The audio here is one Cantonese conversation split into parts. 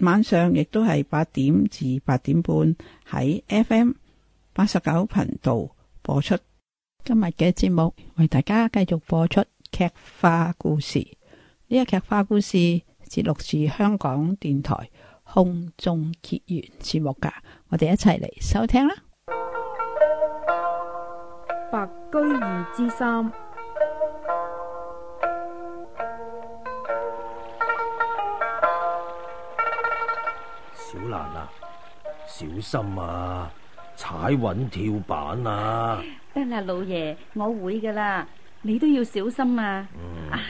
晚上亦都係八點至八點半喺 FM 八十九頻道播出。今日嘅節目，為大家繼續播出劇化故事。呢個劇化故事節錄自香港電台空中結緣節目噶，我哋一齊嚟收聽啦，《白居易之三》。小心啊！踩穩跳板啊！得啦，老爺，我會噶啦。你都要小心啊，嗯、啊！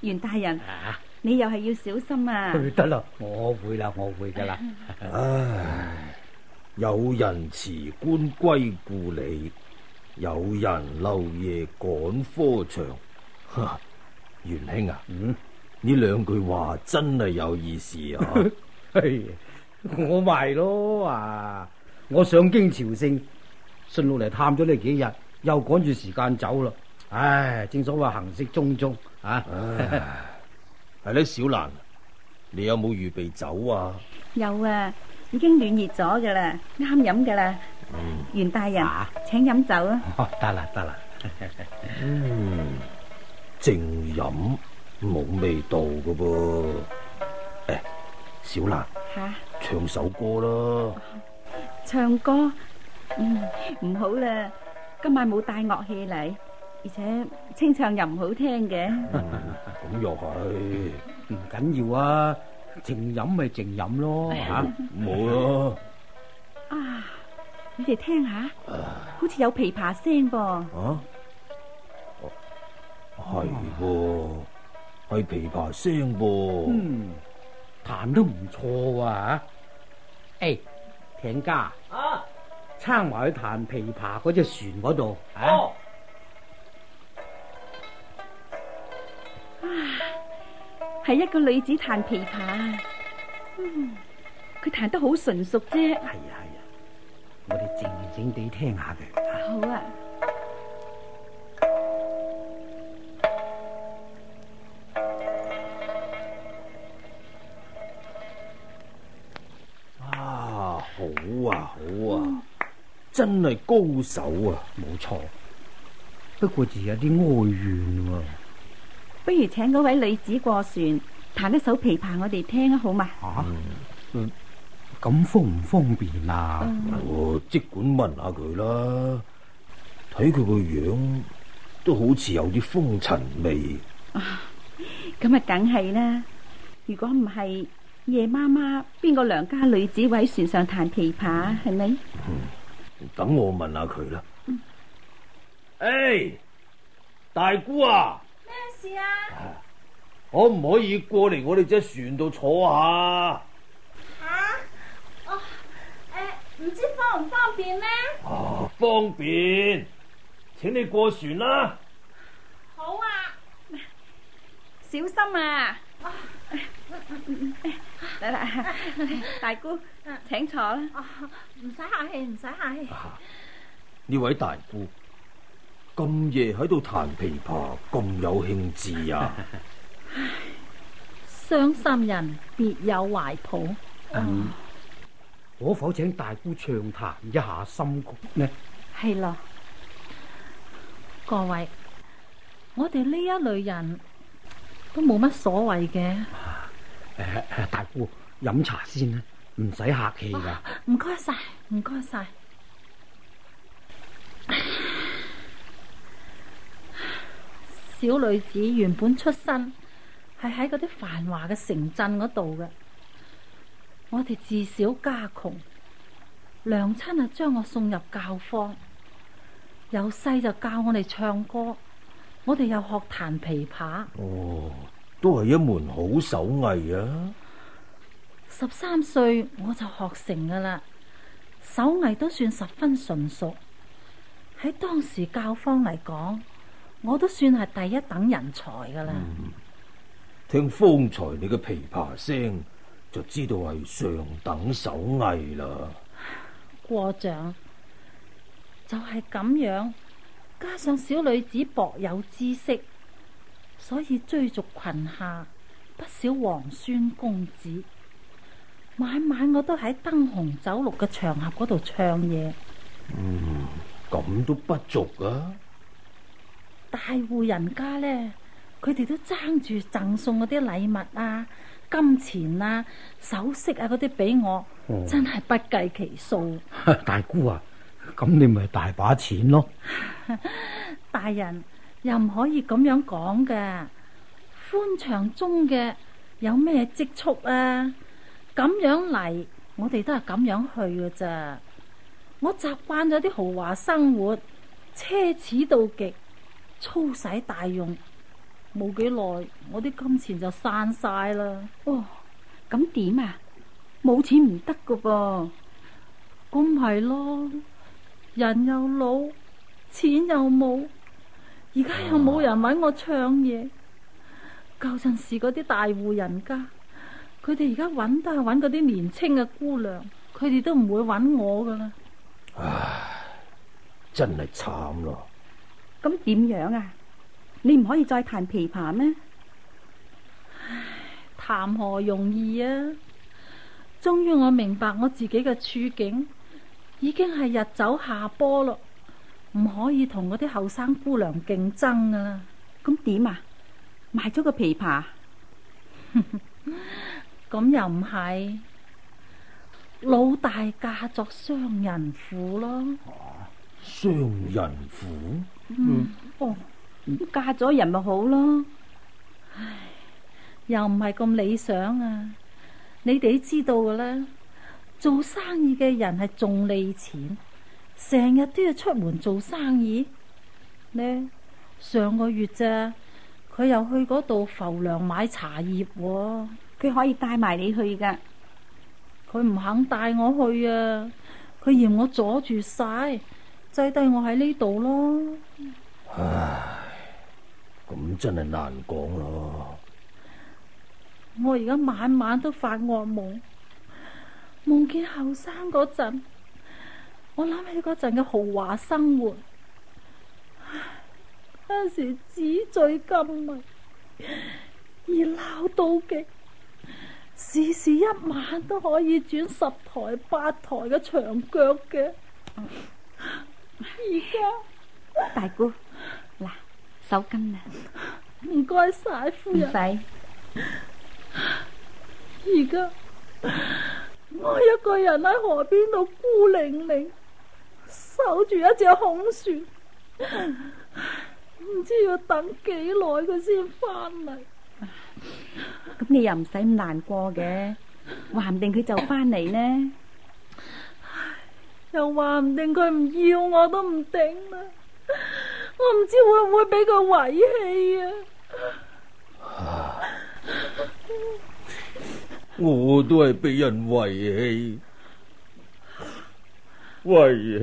袁大人，啊、你又係要小心啊！得啦、嗯，我會啦，我會噶啦。 唉，有人辭官歸故里，有人漏夜趕科場。袁兄啊，呢、嗯、兩句話真係有意思啊！係。 我咪咯啊！我上京朝聖，順路嚟探咗你幾日，又趕住時間走啦。唉，正所謂行色匆匆啊。係咧唉， 小蘭，你有冇預備酒啊？有啊，已經暖熱咗噶啦，啱飲噶啦。嗯、袁大人，啊、請飲酒啊！得啦、啊，得啦。 嗯，淨飲冇味道噶噃。誒、哎，小蘭。吓、啊？唱首歌啦！唱歌，嗯，唔好啦，今晚冇帶樂器嚟，而且清唱又唔好聽嘅。咁又係，唔緊要啊，淨飲咪淨飲咯，吓冇咯。啊！你哋聽下，好似有琵琶聲噃。啊，係喎，係琵琶聲噃。嗯，彈得唔錯啊！誒，艇家，撐埋去彈琵琶嗰隻船嗰度啊！啊，係、啊、一個女子彈琵琶，嗯，佢彈得好純熟啫。係啊係啊，我哋靜靜靜地聽下佢。啊好啊。真係高手啊，冇錯。不過就有啲哀怨喎。不如請嗰位女子過船，彈一首琵琶我哋聽啊，好嘛？ 啊，咁、嗯、方唔方便啊？我即、嗯、管問下佢啦。睇佢個樣，都好似有啲風塵味。咁啊，梗係啦。如果唔係夜媽媽，邊個良家女子會喺船上彈琵琶？係咪、嗯？嗎等我問下佢啦。哎、嗯，hey，大姑啊，咩事啊？可唔可以過嚟我哋隻船度坐下？吓、啊，我、哦、誒，唔知方唔方便呢、啊？方便，請你過船啦、啊。好啊，小心啊！啊呃呃呃呃嚟嚟，大姑，請坐啦。唔使客氣，唔使客氣。呢位大姑，咁夜喺度彈琵琶，咁有興致呀？唉，傷心人別有懷抱。可否請大姑暢談一下心曲呢？係咯，各位，我哋呢一類人都冇乜所謂嘅。大姑飲茶先啦，唔使客氣噶。唔該晒，唔該晒。謝謝。 小女子原本出身係喺嗰啲繁華嘅城鎮嗰度嘅，我哋自小家窮，娘親啊將我送入教坊，由細就教我哋唱歌，我哋又學彈琵琶。哦都係一門好手藝啊！十三歲我就學成噶啦，手藝都算十分純熟。喺當時教方嚟講，我都算係第一等人才噶啦，嗯。聽方才你嘅琵琶聲，就知道係上等手藝啦。過獎，就係、是、咁樣，加上小女子薄有知識。所以追逐裙下，不少皇孫公子，晚晚我都喺燈紅酒綠嘅場合嗰度唱嘢。嗯，咁都不俗啊！大戶人家咧，佢哋都爭住贈送嗰啲禮物啊、金錢啊、首飾啊嗰啲俾我，哦、真係不計其數。 大姑啊，咁你咪大把錢咯， 大人。又唔可以咁樣講嘅，歡場中嘅有咩積蓄啊？咁樣嚟，我哋都係咁樣去嘅咋，我習慣咗啲豪華生活，奢侈到極，粗使大用，冇幾耐，我啲金錢就散晒啦。哦，咁點啊？冇錢唔得㗎噃，咁係咯，人又老，錢又冇。而家又冇人搵我唱嘢，舊陣時嗰啲大戶人家，佢哋而家搵都係搵嗰啲年輕嘅姑娘，佢哋都唔會搵我噶啦。唉，真係慘咯！咁點樣啊？你唔可以再彈琵琶咩？唉，談何容易啊！終於我明白我自己嘅處境，已經係日走下坡咯。唔可以同嗰啲後生姑娘競爭噶啦，咁點啊？賣咗、啊、個琵琶，咁 又唔係，老大嫁作商人婦咯。商、啊、人婦，嗯，嗯哦，嫁咗人咪好咯，唉，又唔係咁理想啊！你哋知道噶啦，做生意嘅人係重利錢。成日都要出門做生意，呢，上個月咋，佢又去嗰度浮梁買茶葉喎，佢可以帶埋你去㗎，佢唔肯帶我去啊，佢嫌我阻住晒，擠低我喺呢度咯。唉，咁真係難講咯。我而家晚晚都發惡夢，夢見後生嗰陣。我諗起嗰陣嘅豪華生活，當時紙醉金迷，熱鬧到極，時時一晚都可以轉十台八台嘅長腳嘅。而家 在大姑嗱， 手巾啊，唔該晒夫人。唔使。而家我一個人喺河邊度孤零零。守住一隻孔雀，唔知要等幾耐佢先翻嚟。咁 你又唔使咁難過嘅，話唔定佢就翻嚟呢？ 又話唔定佢唔要我都唔頂啦。我唔知會唔會俾佢遺棄啊？ 我都係俾人遺棄。喂，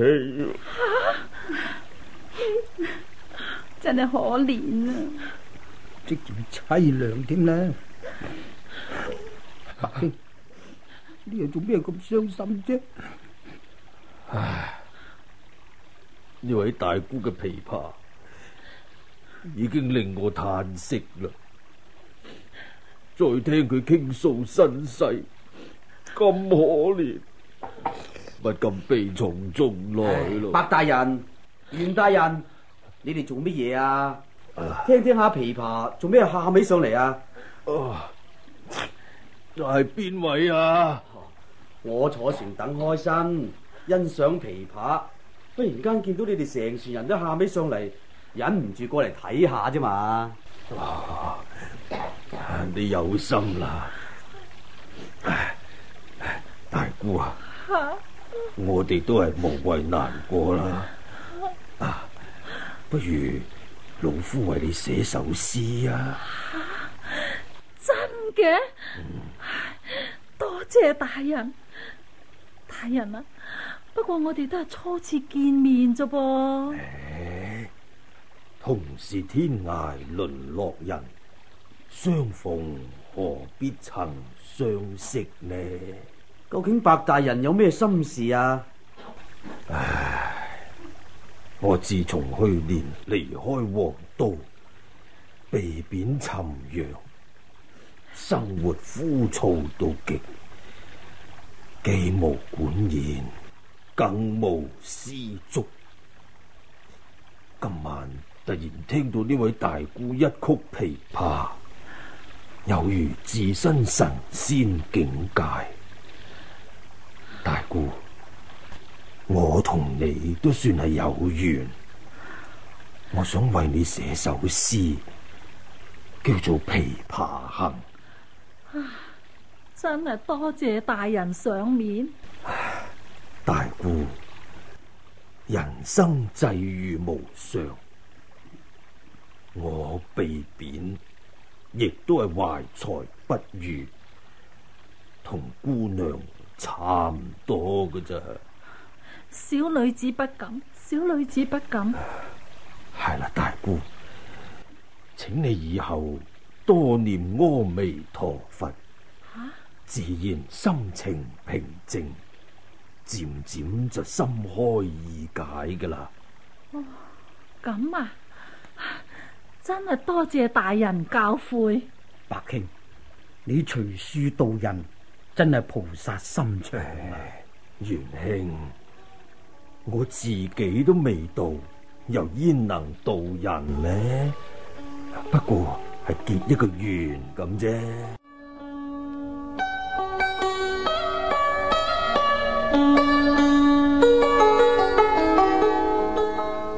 真係可憐啊！即仲淒涼添啦，呢人做咩咁傷心啫、啊？唉，呢位大姑嘅琵琶已經令我嘆息啦， 再聽佢傾訴身世，咁可憐。不禁悲從中來咯。白大人、袁大人，你哋做乜嘢啊？聽聽下琵琶，做咩喊起上嚟啊？哦，又係邊位啊？啊我坐船等開身，欣賞琵琶，忽然間見到你哋成船人都喊起上嚟，忍唔住過嚟睇下啫嘛。哇、啊，你有心啦、啊，大姑啊。我哋都係無謂難過啦，啊！不如老夫為你寫首詩啊，啊！真嘅，嗯、多謝大人，大人啊！不過我哋都係初次見面啫噃。同是天涯淪落人，相逢何必曾相識呢？究竟白大人有咩心事啊？唉，我自從去年離開皇都，被貶尋陽，生活枯燥到極，既無管弦，更無絲竹。今晚突然聽到呢位大姑一曲琵琶，猶如置身神仙境界。大姑，我同你都算係有緣，我想為你寫首詩，叫做《琵琶行》。啊，真係多謝大人賞面。大姑，人生際遇無常，我被貶，亦都係懷才不遇，同姑娘。差唔多噶啫，小女子不敢，小女子不敢。係啦， 大姑，請你以後多念阿彌陀佛，自然心情平靜，漸漸就心開意解噶啦。哦，咁啊，真係多謝大人教誨。 白卿，你隨書到人。真係菩薩心腸，元兄，我自己都未渡，又焉能渡人呢？不過係結一個緣咁啫。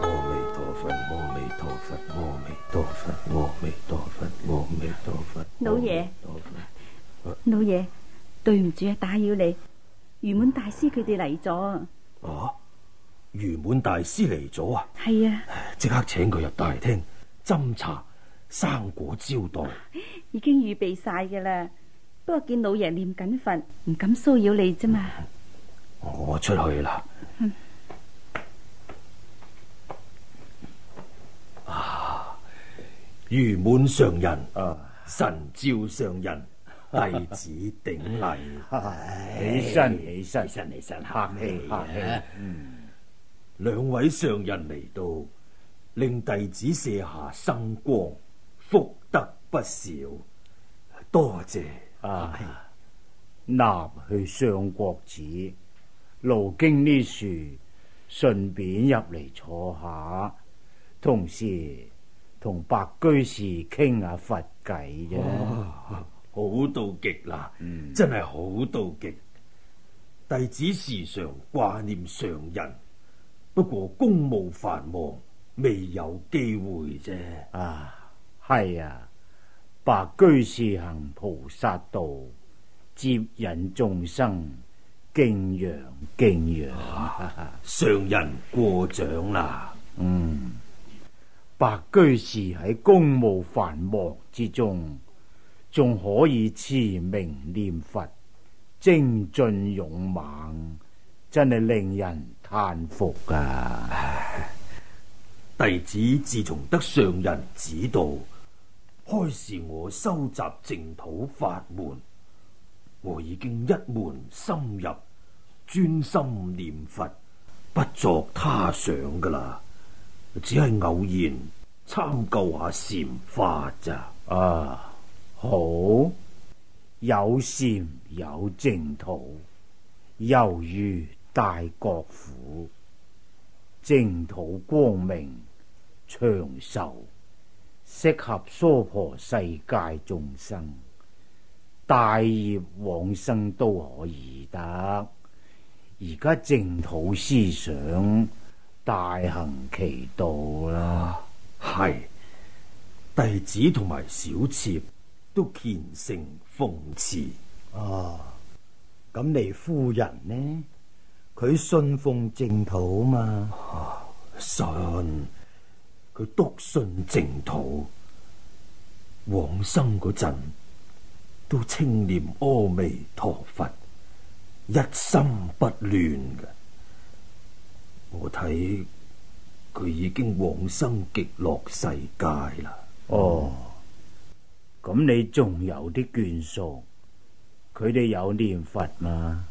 阿彌陀佛，阿彌陀佛，阿彌陀佛，阿彌陀佛，阿彌陀佛。老爺，老爺。對唔住啊，打擾你。圓滿大師佢哋嚟咗。哦，圓滿大師嚟咗啊？係啊，即刻請佢入大廳斟茶、生果招待，啊。已經預備晒噶啦，不過見老爺唸緊佛，唔敢騷擾你啫嘛。我出去啦，嗯啊。啊，圓滿上人啊，神照上人。 弟子頂禮， 起身起身，起身起身客氣客氣。兩、啊嗯、位上人嚟到，令弟子卸下生光，福德不少，多謝啊！納去上國寺路經呢樹，順便入嚟坐下，同時同白居士傾下佛偈啫。啊啊好到極啦，嗯、真係好到極。弟子時常掛念上人，不過公務繁忙，未有機會啫。啊，係啊，白居士行菩薩道，接引眾生，敬仰敬仰。啊、上人過獎啦。嗯，白居士喺公務繁忙之中。仲可以持名念佛，精進勇猛，真係令人嘆服㗎！弟子自從得上人指導、開示我收集淨土法門，我已經一門深入，專心念佛，不作他想噶啦，只係偶然參究下禪法咋啊！好，有禪有淨土，猶如大國府。淨土光明長壽，適合娑婆世界眾生帶業往生都可以得。而家淨土思想大行其道啦，係弟子同埋小妾。都虔誠奉持啊！咁、哦、你夫人呢？佢信奉淨土嘛？啊、信，佢篤信淨土。往生嗰陣都清念阿彌陀佛，一心不亂嘅。我睇佢已經往生極樂世界啦。哦。咁你仲有啲眷屬，佢哋有念佛嘛？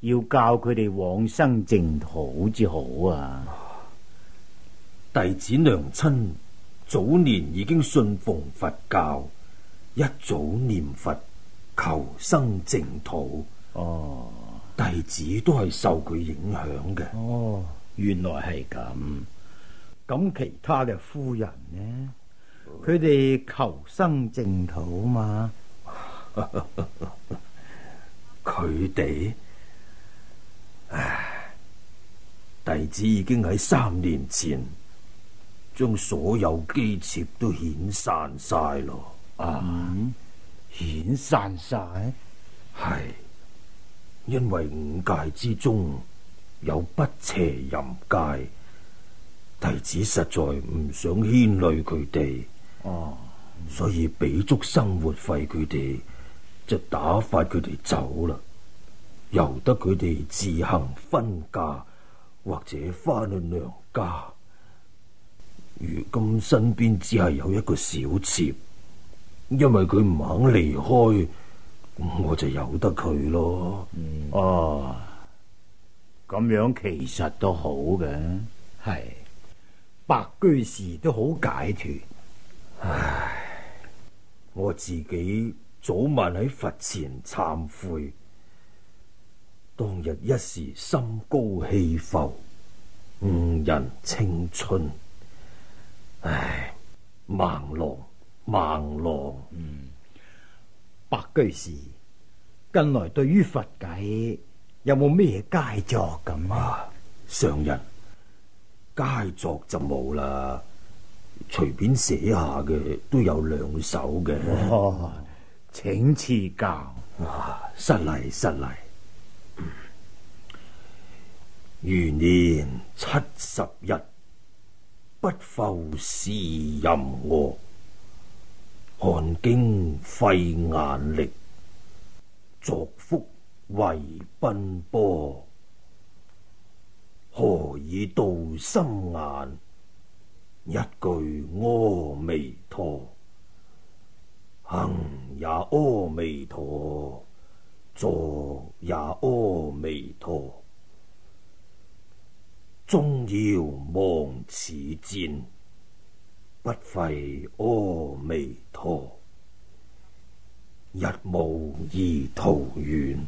要教佢哋往生淨土至好啊！弟子娘親早年已經信奉佛教，一早念佛求生淨土。哦，弟子都係受佢影響嘅。哦，原來係咁。咁其他嘅夫人呢？佢哋求生淨土嘛？佢哋， 唉！弟子已經喺三年前將所有姬妾都遣散晒咯。啊！嗯、遣散晒係，因為五戒之中有不邪淫戒，弟子實在唔想牽累佢哋。哦，嗯、所以俾足生活費佢哋，就打發佢哋走啦。由得佢哋自行婚嫁或者翻去娘家。如今身邊只係有一個小妾，因為佢唔肯離開，我就由得佢咯。哦、嗯，咁、啊、樣其實都好嘅，係白居士都好解脫。唉，我自己早晚喺佛前懺悔，當日一時心高氣浮，誤人青春。唉，孟浪，孟浪。嗯，白居士近來對於佛偈有冇咩佳作咁啊？上人，佳作就冇啦。隨便寫下嘅都有兩首嘅。哦，請賜教。啊、失禮失禮。余年七十一，不浮仕任我。寒經廢眼力，作福為奔波。何以度心眼？一句阿彌陀，行也阿彌陀，坐也阿彌陀，終要望此戰，不廢阿彌陀，一夢已桃源，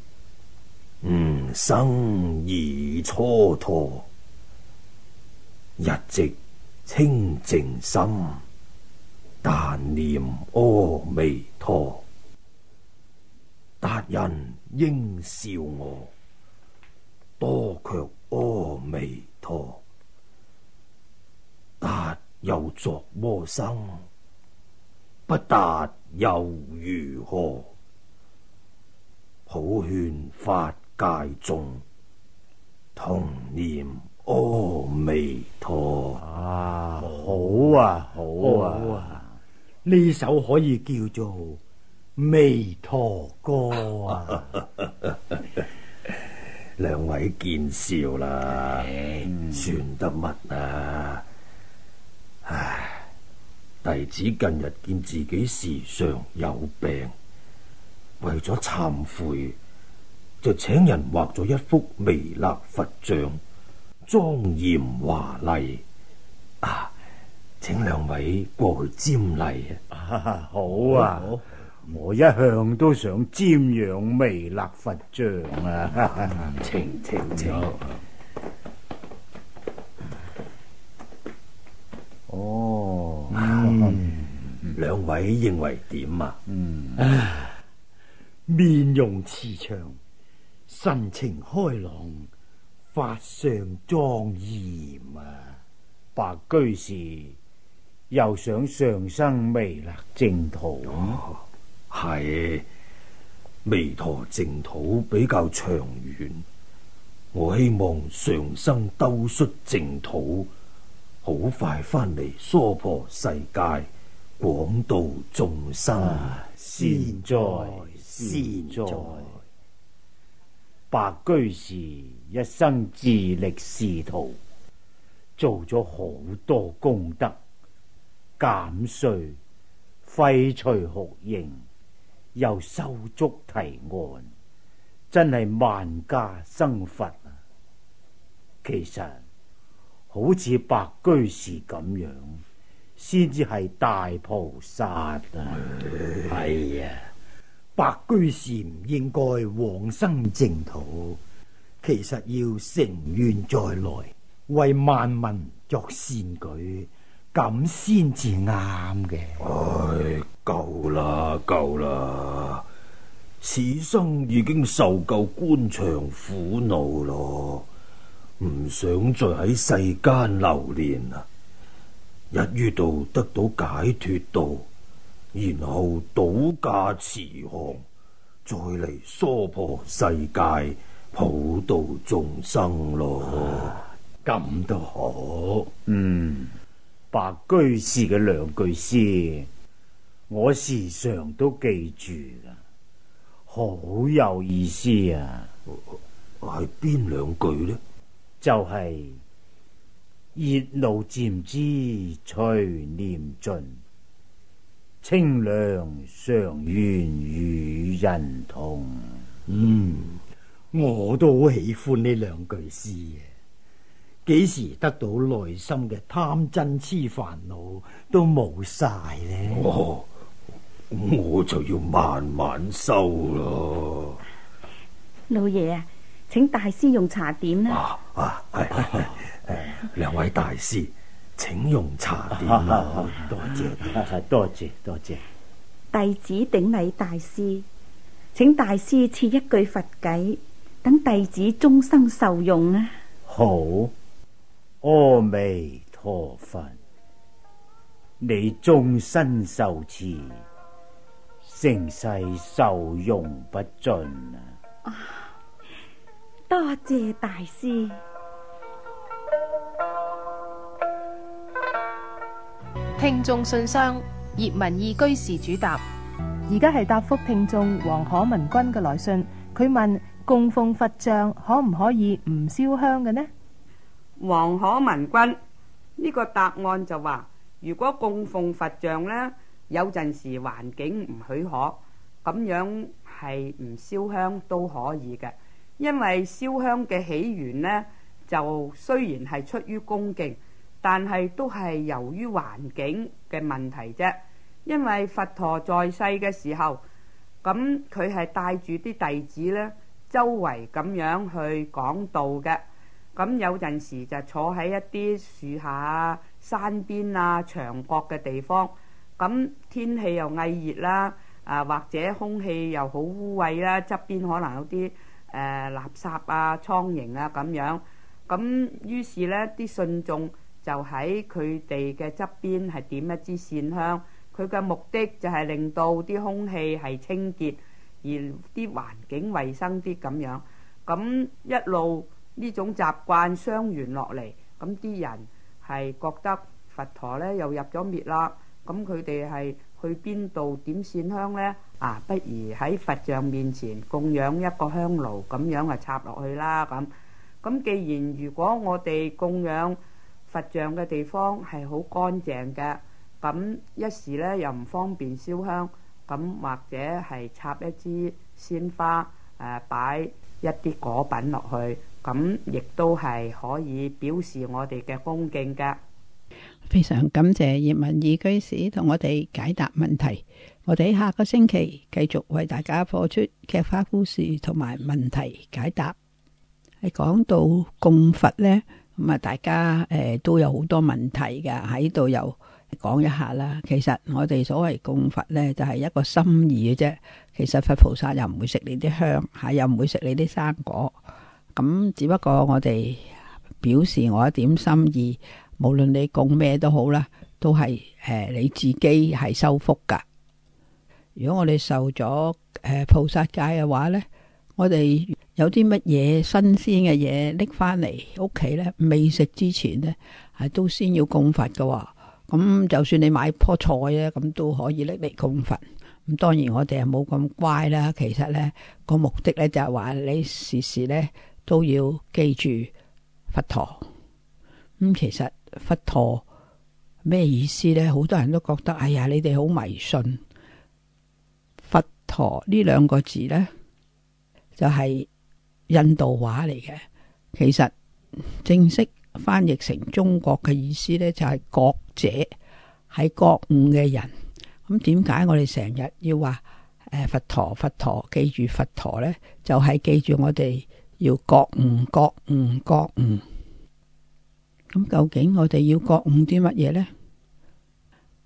吾生已蹉跎，一直。清淨心，但念阿彌陀。達人應笑我，多卻阿彌陀。達又作魔生，不達又如何？普勸法界眾，同念。阿彌、哦、陀啊！好啊，好啊，呢、啊、首可以叫做《彌陀歌》啊。 兩位見笑啦，嗯、算得乜啊？唉，弟子近日見自己時常有病，為咗懺悔，嗯、就請人畫咗一幅彌勒佛像。莊嚴華麗啊，請兩位過去瞻禮、啊。好啊，嗯、好，我一向都想瞻仰彌勒佛像啊。請請、嗯、請。請啊、哦，兩、嗯嗯、位認為點啊？嗯、啊面容慈祥，神情開朗。法相莊嚴啊！白居士又想上生彌勒淨土，係彌、嗯哦、陀淨土比較長遠。我希望上生兜率淨土，好快翻嚟娑婆世界，廣度眾生。善在，善在。白居士一生致力仕途，做咗好多功德，減稅、廢除學刑，又收足提案，真係萬家生佛啊！其實好似白居士咁樣，先至係大菩薩啊！哎呀～白居士唔應該往生淨土，其實要成願再來，為萬民作善舉，咁先至啱嘅。唉、哎，夠啦，夠啦！此生已經受夠官場苦惱咯，唔想再喺世間流連啦，一於道得到解脫道。然後倒駕慈航，再嚟疏破世界，普渡眾生咯。咁都好，嗯，白居士嘅兩句詩，我時常都記住噶，好有意思啊。係邊、啊、兩句呢？就係、是、熱惱漸知，隨念盡。清涼常願與人同。嗯，我都好喜歡呢兩句詩啊！幾時得到內心嘅貪嗔痴煩惱、痴煩惱都冇晒呢？我就要慢慢收咯。老爺啊，請大師用茶點啦、啊啊。啊啊，係、哎、誒，兩、哎哎哎、位大師。請用茶點啦，多謝多謝多謝。弟子頂禮大師，請大師賜一句佛偈，等弟子終生受用啊！好，阿彌陀佛，你終身受持，成世受用不盡啊！多謝大師。聽眾信箱葉文義居士主答，而家係答覆聽眾黃可文君嘅來信。佢問供奉佛像可唔可以唔燒香嘅呢？黃可文君呢個答案就話：如果供奉佛像呢，有陣時環境唔許可，咁樣係唔燒香都可以嘅，因為燒香嘅起源呢，就雖然係出於恭敬。但係都係由於環境嘅問題啫，因為佛陀在世嘅時候，咁佢係帶住啲弟子咧，周圍咁樣去講道嘅。咁有陣時就坐喺一啲樹下、啊、山邊啊、牆角嘅地方，咁、啊、天氣又翳熱啦，啊或者空氣又好污穢啦，側、啊、邊可能有啲誒、啊、垃圾啊、蒼蠅啊咁樣，咁、啊、於是呢啲信眾，就喺佢哋嘅側邊係點一支線香，佢嘅目的就係令到啲空氣係清潔，而啲環境衞生啲咁樣。咁一路呢種習慣相傳落嚟，咁啲人係覺得佛陀呢又入咗滅啦，咁佢哋係去邊度點線香呢？啊，不如喺佛像面前供養一個香爐，咁樣啊插落去啦咁。咁既然如果我哋供養，佛像嘅地方係好乾淨嘅，咁一時咧又唔方便燒香，咁或者係插一支鮮花，誒擺一啲果品落去，咁亦都係可以表示我哋嘅恭敬嘅。非常感謝葉文二居士同我哋解答問題，我哋下個星期繼續為大家播出劇花故事同埋問題解答，係講到供佛咧。咁啊，大家誒都有好多問題㗎，喺度又講一下啦。其實我哋所謂供佛呢，就係一個心意嘅啫。其實佛菩薩又唔會食你啲香，吓又唔會食你啲生果。咁只不過我哋表示我一點心意，無論你供咩都好啦，都係誒你自己係收福㗎。如果我哋受咗誒菩薩戒嘅話呢，我哋。有啲乜嘢新鮮嘅嘢拎翻嚟屋企咧，未食之前咧，係都先要供佛嘅。咁就算你買棵菜咧，咁都可以拎嚟供佛。咁當然我哋係冇咁乖啦。其實咧，個目的咧就係話你時時咧都要記住佛陀。咁其實佛陀咩意思咧？好多人都覺得，哎呀，你哋好迷信。佛陀呢兩個字咧，就係、是。印度話嚟嘅，其實正式翻譯成中國嘅意思呢，就係、是、覺者，係覺悟嘅人。咁點解我哋成日要話佛陀，佛陀記住佛陀呢，就係、是、記住我哋要覺悟，覺悟，覺悟。咁究竟我哋要覺悟啲乜嘢呢？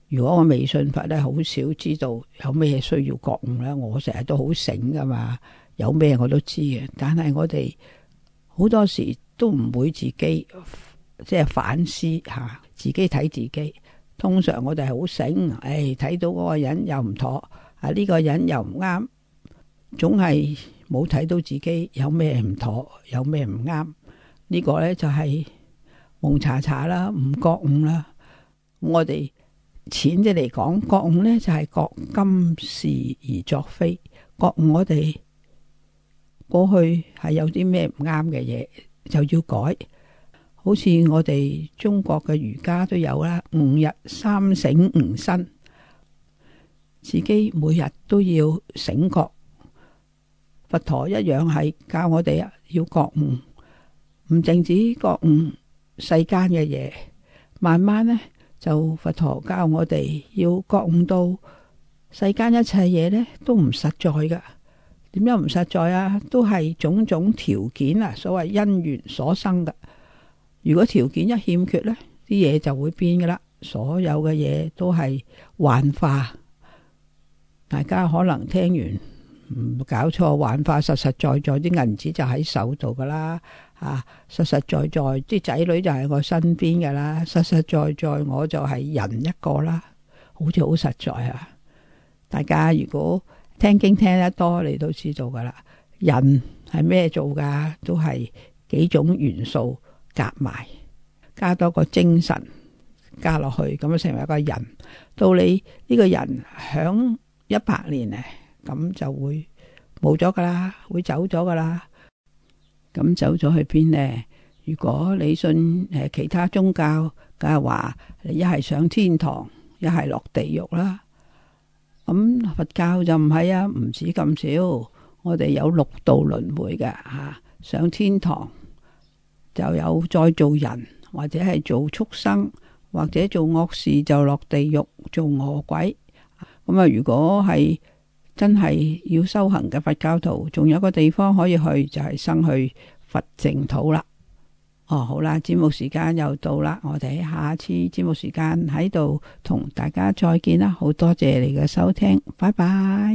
如果我未信佛咧，好少知道有咩嘢需要覺悟咧，我成日都好醒㗎嘛。有咩我都知嘅，但係我哋好多時都唔會自己即係、就是、反思吓、啊，自己睇自己。通常我哋好醒，誒、哎、睇到嗰個人又唔妥，啊呢、這個人又唔啱，總係冇睇到自己有咩唔妥，有咩唔啱呢個呢就係、是、蒙查查啦，唔覺悟啦。我哋淺啲嚟講，覺悟呢就係、是、覺今是而作非覺悟我哋。過去係有啲咩唔啱嘅嘢，就要改。好似我哋中國嘅儒家都有啦，五日三省吾身，自己每日都要醒覺。佛陀一樣係教我哋要覺悟，唔淨止覺悟世間嘅嘢，慢慢呢就佛陀教我哋要覺悟到世間一切嘢呢都唔實在噶。點解唔實在啊？都係種種條件啊，所謂因緣所生嘅。如果條件一欠缺呢，啲嘢就會變噶啦。所有嘅嘢都係幻化。大家可能聽完唔搞錯，幻化實實在在啲銀紙就喺手度噶啦，吓，實實在在啲仔女就喺我身邊噶啦，實實在在我就係人一個啦，好似好實在啊！大家如果，聽經聽得多，你都知道噶啦。人係咩做噶？都係幾種元素夾埋，加多個精神加落去，咁就成為一個人。到你呢個人響一百年咧，咁就會冇咗噶啦，會走咗噶啦。咁走咗去邊呢？如果你信，誒，其他宗教梗係話，你一係上天堂，一係落地獄啦。咁佛教就唔係啊，唔止咁少，我哋有六道輪迴嘅吓，上天堂就有再做人，或者係做畜生，或者做惡事就落地獄做餓鬼。咁啊，如果係真係要修行嘅佛教徒，仲有個地方可以去，就係生去佛淨土啦。哦，好啦，節目時間又到啦，我哋下次節目時間喺度，同大家再見啦，好多謝你嘅收聽，拜拜。